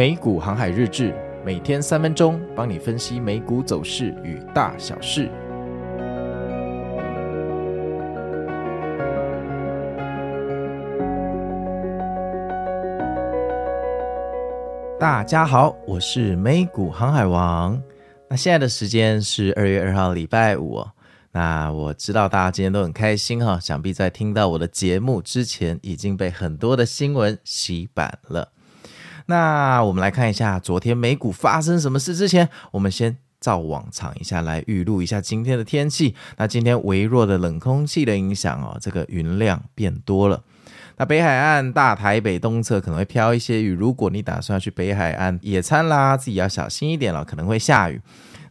美股航海日誌，每天三分鐘，幫你分析美股走勢與大小事。大家好，我是美股航海王。那現在的時間是二月二號禮拜五，哦。那我知道大家今天都很開心哈，哦，想必在聽到我的節目之前，已經被很多的新聞洗版了。那我們來看一下昨天美股發生什麼事之前，我們先照往常一下來預錄一下今天的天氣。那今天微弱的冷空氣的影響哦，這個雲量變多了。那北海岸、大台北東側可能會飄一些雨。如果你打算去北海岸野餐啦，自己要小心一點，可能會下雨。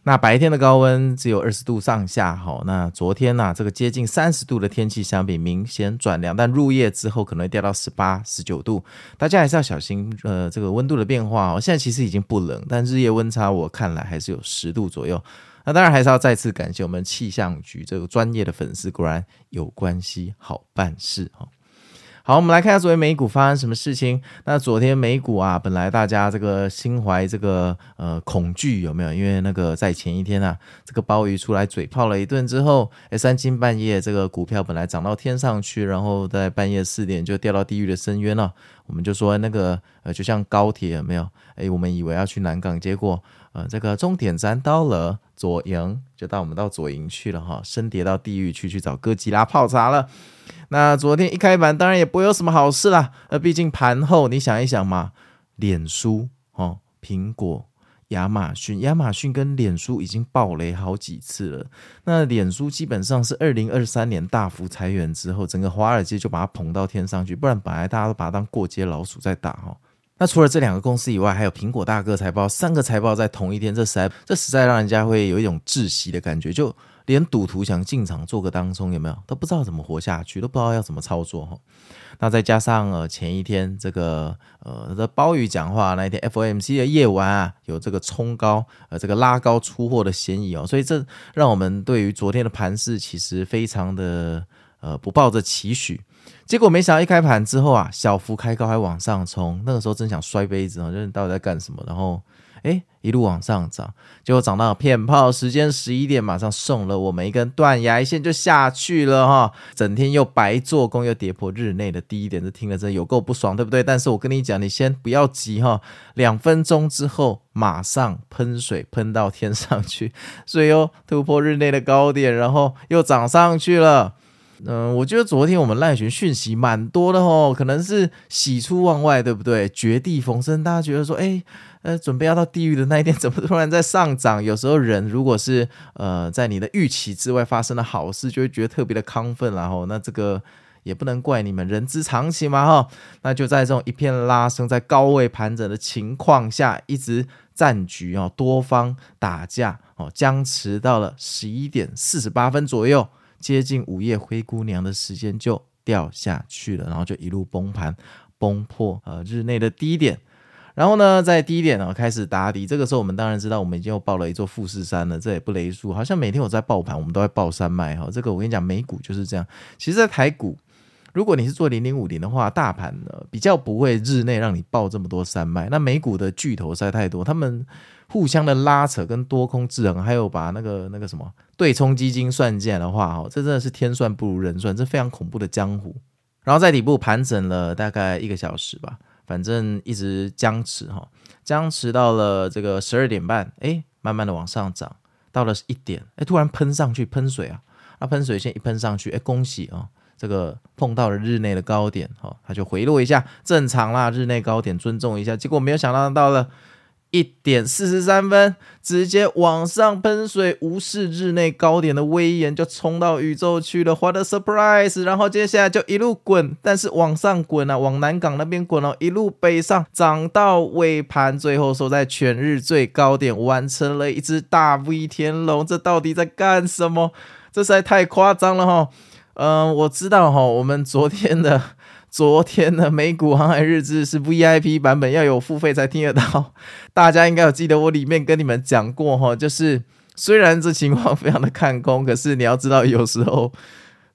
那白天的高溫只有二十度上下，好，那昨天呢、啊，這個接近三十度的天氣相比明顯轉涼，但入夜之後可能會掉到十八、十九度，大家還是要小心。呃，這個溫度的變化哦，現在其實已經不冷，但日夜溫差我看來還是有十度左右。那當然還是要再次感謝我們氣象局這個專業的粉絲，果然有關係，好辦事哈。好，我們來看一下昨天美股發生什麼事情。那昨天美股啊，本來大家這個心懷這個呃恐懼有沒有？因為那個在前一天啊，這個鮑爾出來嘴炮了一頓之後，誒，三更半夜這個股票本來漲到天上去，然後在半夜四點就掉到地獄的深淵了。我們就說那個呃，就像高鐵有沒有？誒，我們以為要去南港，結果。呃，這個終點站到了左營，左營就到我們到左營去了哈，升跌到地獄去去找哥吉拉泡茶了。那昨天一開盤，當然也不會有什麼好事啦。呃，畢竟盤後你想一想嘛，臉書哦，蘋果、亞馬遜，亞馬遜跟臉書已經暴雷好幾次了。那臉書基本上是二零二三年大幅裁員之後，整個華爾街就把它捧到天上去，不然本來大家都把它當過街老鼠在打哈。那除了這兩個公司以外，還有蘋果大哥財報，三個財報在同一天，這實在這實在讓人家會有一種窒息的感覺，就連賭徒想進場做個當中有沒有都不知道怎麼活下去，都不知道要怎麼操作哈。那再加上呃前一天這個呃這鮑爾講話那一天 FOMC 的夜晚啊，有這個衝高呃這個拉高出貨的嫌疑哦，所以這讓我們對於昨天的盤勢其實非常的呃不抱着期許。結果沒想到一開盤之後啊，小幅開高還往上衝，那個時候真想摔杯子啊！就是你到底在幹什麼？然後誒，一路往上漲，結果漲到了片炮，時間十一點，馬上送了我們一根斷崖線就下去了哈！整天又白做工，又跌破日內的低點，這聽了真的有夠不爽，對不對？但是我跟你講，你先不要急哈，兩分鐘之後馬上噴水噴到天上去，所以哦，突破日內的高點，然後又漲上去了。嗯、呃，我覺得昨天我們賴群訊息蠻多的吼，可能是喜出望外，對不對？絕地逢生，大家覺得說，哎，呃，準備要到地獄的那一天，怎麼突然在上漲？有時候人如果是呃在你的預期之外發生了好事，就會覺得特別的亢奮啦，然後那這個也不能怪你們，人之常情嘛，哈。那就在這種一片拉升、在高位盤整的情況下，一直戰局哦，多方打架哦，僵持到了十一點四十八分左右。接近午夜，灰姑娘的時間就掉下去了，然後就一路崩盤，崩破呃日內的低點，然後呢，在低點呢、哦、開始打底。這個時候，我們當然知道，我們已經又爆了一座富士山了，這也不雷數。好像每天我在報盤，我們都會爆山脈哈、哦。這個我跟你講，美股就是這樣。其實，在台股。如果你是做零零五零的話，大盤呢比較不會日內讓你爆這麼多山脈。那美股的巨頭塞太多，他們互相的拉扯跟多空制衡，還有把那個那個什麼對沖基金算進來的話，哈、哦，這真的是天算不如人算，這非常恐怖的江湖。然後在底部盤整了大概一個小時吧，反正一直僵持哈，僵持到了這個十二點半，誒，慢慢的往上漲，到了一點，誒，突然噴上去，噴水啊，那、啊、噴水線一噴上去，誒，恭喜啊、哦！這個碰到了日內的高點，哈、哦，它就回落一下，正常啦。日內高點尊重一下，結果沒有想到到了一點四十三分，直接往上噴水，無視日內高點的威嚴，就衝到宇宙去了，What a surprise。然後接下來就一路滾，但是往上滾啊，往南港那邊滾哦，一路北上漲到尾盤，最後收在全日最高點，完成了一只大 V 天龍。這到底在幹什麼？這實在太誇張了、哦，哈。嗯，我知道哈，我們昨天的昨天的美股航海日誌是 VIP 版本，要有付費才聽得到。大家應該有記得我裡面跟你們講過哈，就是雖然這情況非常的看空，可是你要知道有時候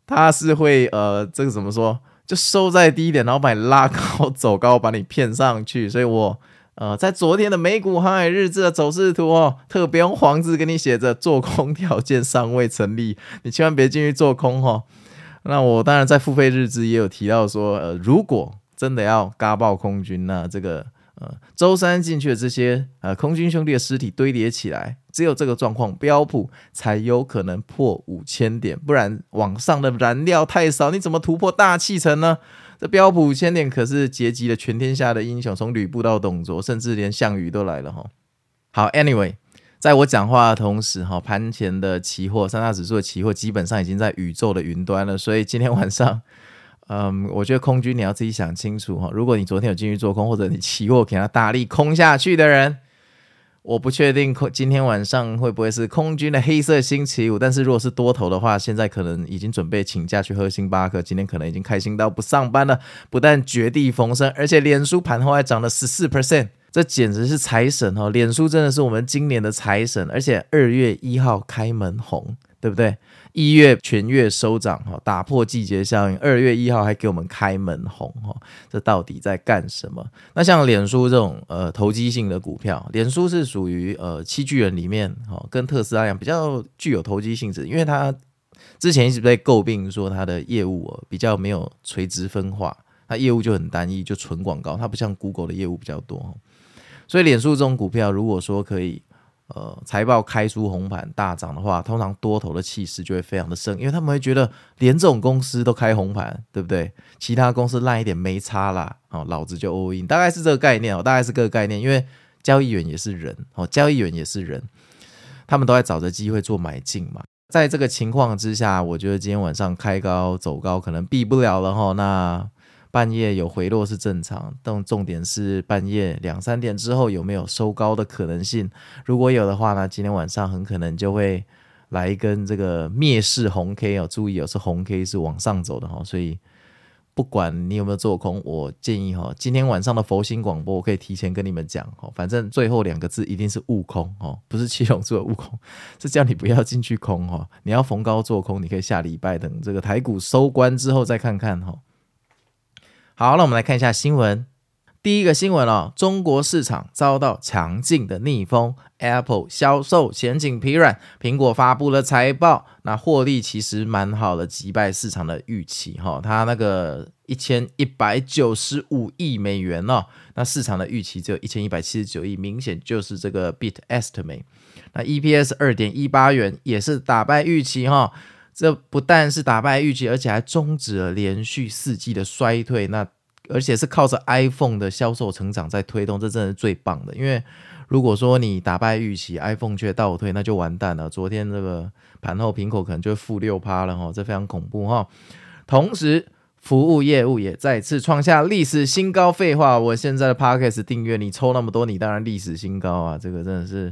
它是會呃，這個怎麼說，就收在低一點，然後把你拉高走高，把你騙上去。所以我。呃，在昨天的美股航海日誌的走勢圖哦，特別用黃字給你寫着做空條件尚未成立，你千萬別進去做空哈、哦。那我當然在付費日誌也有提到說，呃，如果真的要嘎爆空軍，那這個呃週三進去的這些呃空軍兄弟的屍體堆疊起來，只有這個狀況標普才有可能破五千點，不然往上的燃料太少，你怎麼突破大氣層呢？這標普五千點可是集結了全天下的英雄，從呂布到董卓，甚至連項羽都來了哈。好，Anyway，在我講話的同時，哈，盤前的期貨三大指數的期貨基本上已經在宇宙的雲端了，所以今天晚上，嗯，我覺得空軍你要自己想清楚哈。如果你昨天有進去做空，或者你期貨給他大力空下去的人。我不確定空今天晚上會不會是空軍的黑色星期五，但是如果是多頭的話，現在可能已經準備請假去喝星巴克。今天可能已經開心到不上班了，不但絕地逢生，而且臉書盤後還漲了十四 percent，這簡直是財神哦！臉書真的是我們今年的財神，而且二月一號開門紅。對不對？一月全月收漲哈，打破季節效應。二月一號還給我們開門紅哈，這到底在幹什麼？那像臉書這種呃投機性的股票，臉書是屬於呃七巨人裡面哈，跟特斯拉一樣比較具有投機性質，因為它之前一直被詬病說它的業務比較沒有垂直分化，它業務就很單一，就純廣告，它不像 Google 的業務比較多。所以臉書這種股票，如果說可以。呃，財報開出紅盤大漲的話，通常多頭的氣勢就會非常的盛，因為他們會覺得連這種公司都開紅盤，對不對？其他公司爛一點沒差啦，哦，老子就 all in，大概是這個概念哦，大概是這個概念，因為交易員也是人哦，交易員也是人，他們都在找着機會做買進嘛。在這個情況之下，我覺得今天晚上開高走高可能避不了了哈、哦，那。半夜有回落是正常，但重點是半夜兩三點之後有沒有收高的可能性。如果有的話呢，今天晚上很可能就會來一根這個滅世紅 K 哦。注意哦，是紅 K 是往上走的哈。所以不管你有沒有做空，我建議哈，今天晚上的佛心廣播我可以提前跟你們講哈。反正最後兩個字一定是悟空哦，不是七龍珠的悟空，是叫你不要進去空哈。你要逢高做空，你可以下禮拜等這個台股收官之後再看看哈。好，那我們來看一下新聞。第一個新聞哦，中國市場遭到強勁的逆風，Apple 銷售前景疲軟。蘋果發布了財報，那獲利其實蠻好的，擊敗市場的預期哈、哦。它那個一千一百九十五億美元哦，那市場的預期只有一千一百七十九億，明顯就是這個 beat estimate。那 EPS 二點一八元也是打敗預期哈、哦。這不但是打敗預期，而且還終止了連續四季的衰退。那而且是靠着 iPhone 的銷售成長在推動，這真的是最棒的。因為如果說你打敗預期，iPhone 卻倒退，那就完蛋了。昨天這個盤後，蘋果可能就負六趴了哈，這非常恐怖哈。同時，服務業務也再次創下歷史新高。廢話，我現在的 Podcast 訂閱你抽那麼多，你當然歷史新高啊。這個真的是，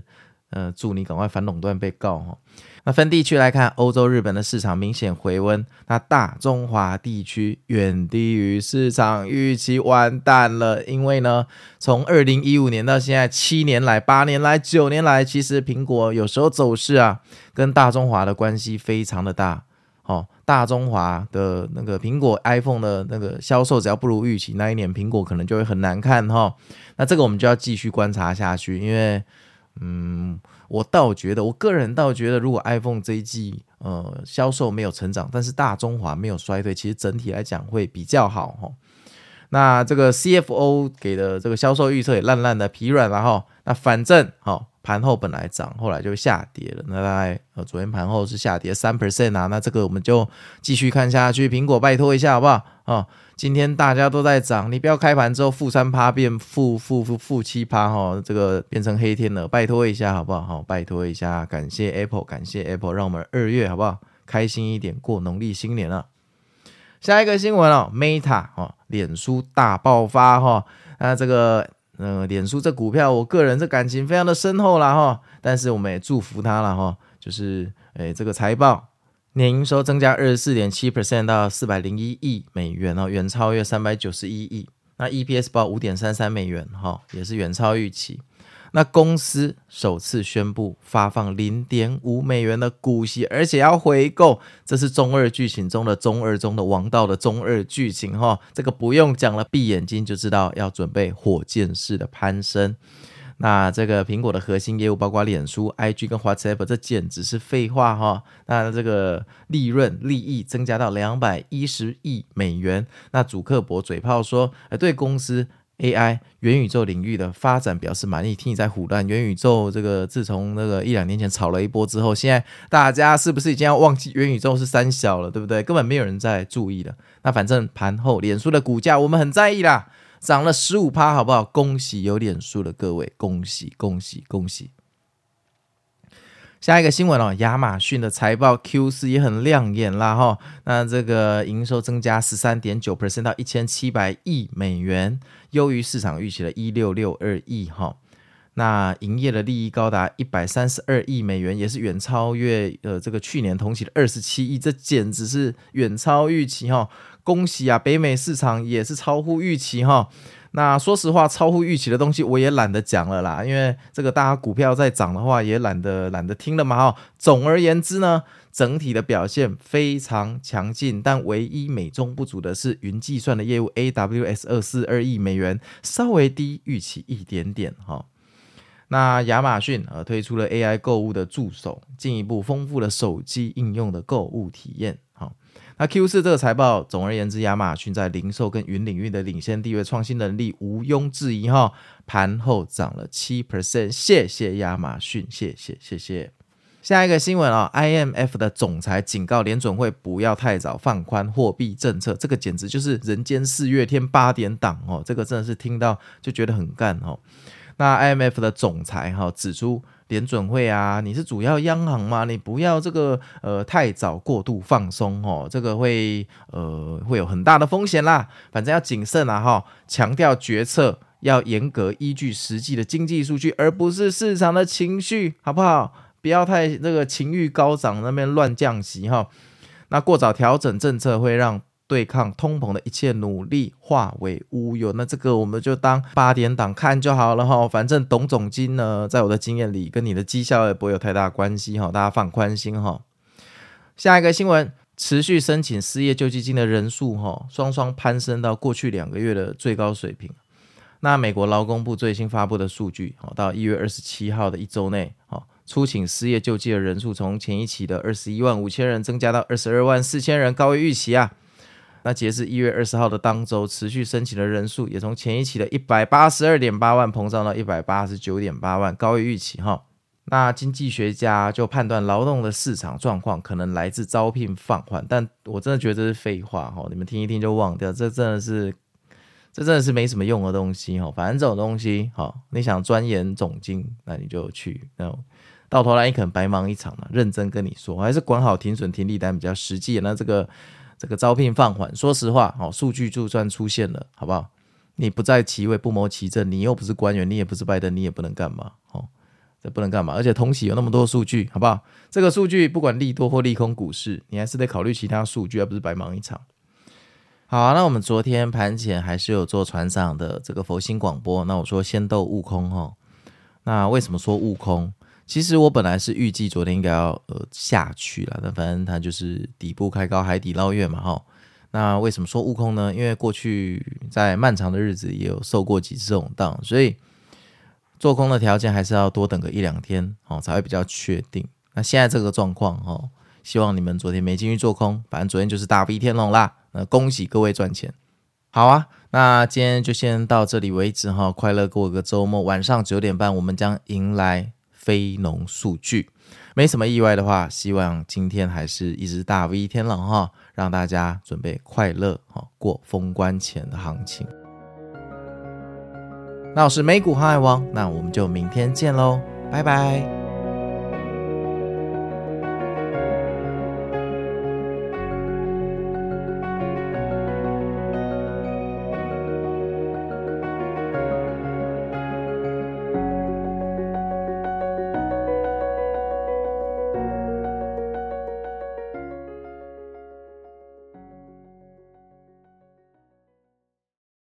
嗯、呃，祝你趕快反壟斷被告哈。那分地區來看，歐洲、日本的市場明顯回溫。那大中華地區遠低於市場預期，完蛋了。因為呢，從二零一五年到現在七年來、八年來、九年來，其實蘋果有時候走勢啊，跟大中華的關係非常的大。好、哦，大中華的那個蘋果 iPhone 的那個銷售，只要不如預期，那一年蘋果可能就會很難看哈、哦。那這個我們就要繼續觀察下去，因為。嗯，我倒覺得，我個人倒覺得，如果 iPhone 這一季呃銷售沒有成長，但是大中華沒有衰退，其實整體來講會比較好哈、哦。那這個 CFO 給的這個銷售預測也爛爛的疲軟了，然、哦、後那反正好、哦、盤後本來漲，後來就下跌了。那大概呃昨天盤後是下跌三 percent 啊。那這個我們就繼續看下去，蘋果拜托一下好不好？哦，今天大家都在漲，你不要開盤之後負三趴變負負負負七趴哈，這個變成黑天鵝了，拜托一下好不好？好、哦，拜托一下，感謝 Apple，感謝 Apple，讓我們二月好不好？開心一點過農曆新年了。下一個新聞了、哦，Meta，哦，臉書大爆發哈、哦，那這個嗯、呃，臉書的股票，我個人的感情非常的深厚了哈、哦，但是我們也祝福它了哈，就是哎，這個財報。年營收增加二十四點七 percent 到四百零一億美元哦，遠超越三百九十一億。那 EPS 報五點三三美元哈，也是遠超預期。那公司首次宣布發放零點五美元的股息，而且要回購，這是中二劇情中的中二中的王道的中二劇情哈。這個不用講了，閉眼睛就知道要準備火箭式的攀升。那這個蘋果的核心業務包括臉書、IG 跟 WhatsApp，這簡直是廢話哈、哦。那這個利潤利益增加到兩百一十億美元。那祖克伯嘴炮說，呃、對公司 AI 元宇宙領域的發展表示滿意。聽你在唬爛元宇宙這個，自從那個一兩年前炒了一波之後，現在大家是不是已經要忘記元宇宙是三小了，對不對？根本沒有人在注意了。那反正盤後臉書的股價我們很在意啦。漲了十五趴，好不好？恭喜有臉書的各位，恭喜恭喜恭喜！下一個新聞哦，亞馬遜的財報 Q 四也很亮眼啦哈、哦。那這個營收增加十三點九 percent 到一千七百億美元，優於市場預期的一六六二億哈、哦。那營業的利益高達一百三十二億美元，也是遠超越呃這個去年同期的二十七億，這簡直是遠超預期哈、哦。恭喜啊！北美市場也是超乎預期哈。那說實話，超乎預期的東西我也懶得講了啦，因為這個大家股票在漲的話也，也懶得懶得聽了嘛哈。總而言之呢，整體的表現非常強勁，但唯一美中不足的是雲計算的業務 AWS 242億美元稍微低預期一點點哈。那亞馬遜呃推出了 AI 購物的助手，進一步豐富了手機應用的購物體驗。那 Q4 這個財報，總而言之，亞馬遜在零售跟雲領域的領先地位、創新能力毋庸置疑哈。盤後漲了七 percent，謝謝亞馬遜，謝謝謝謝。下一個新聞啊、哦、IMF 的總裁警告聯準會不要太早放寬貨幣政策，這個簡直就是人間四月天八點檔哦，這個真的是聽到就覺得很幹哦。那 IMF 的總裁哈、哦、指出。聯準會啊，你是主要央行嘛？你不要這個呃太早過度放鬆哦，這個會呃會有很大的風險啦。反正要謹慎啊哈、哦，強調決策要嚴格依據實際的經濟數據，而不是市場的情緒，好不好？不要太那、這個情緒高漲那邊亂降息哈、哦，那過早調整政策會讓。對抗通膨的一切努力化為烏有，那這個我們就當八點檔看就好了哈。反正懂總經呢，在我的經驗裡，跟你的績效也不會有太大關係哈。大家放寬心哈。下一個新聞，持續申請失業救濟金的人數哈，雙雙攀升到過去兩個月的最高水平。那美國勞工部最新發布的數據，哦，到一月二十七號的一週內，哦，初請失業救濟的人數從前一期的二十一萬五千人增加到二十二萬四千人，高於預期啊。那截至一月二十號的當周，持續申請的人數也從前一期的一百八十二點八萬膨脹到一百八十九點八萬，高於預期哈。那經濟學家就判斷勞動的市場狀況可能來自招聘放緩，但我真的覺得這是廢話哈，你們聽一聽就忘掉，這真的是，這真的是沒什麼用的東西哈。反正這種東西哈，你想鑽研總經，那你就去，那到頭來你可能白忙一場了，認真跟你說，還是管好停損停利單比較實際。那這個。這個招聘放緩，說實話，哦，數據就算出現了，好不好？你不在其位不謀其政，你又不是官員，你也不是拜登，你也不能幹嘛，哦，這不能幹嘛。而且同喜有那麼多數據，好不好？這個數據不管利多或利空，股市你還是得考慮其他數據，而不是白忙一場。好，啊，那我們昨天盤前還是有做船長的這個佛心廣播，那我說先豆悟空、哦，哈，那為什麼說悟空？其實我本來是預計昨天應該要呃下去了，那反正它就是底部開高，海底撈月嘛哈。那為什麼說做空呢？因為過去在漫長的日子也有受過幾次這種當，所以做空的條件還是要多等個一兩天哦，才會比較確定。那現在這個狀況哈，希望你們昨天沒進去做空，反正昨天就是大 V 天龍啦。那、呃、恭喜各位賺錢，好啊。那今天就先到這裡為止哈，快樂過個週末，晚上九點半我們將迎來。非農數據，沒什麼意外的話，希望今天還是一隻大 V 天龍哈，讓大家準備快樂好過封關前的行情。那我是美股航海王，那我們就明天見嘍，拜拜。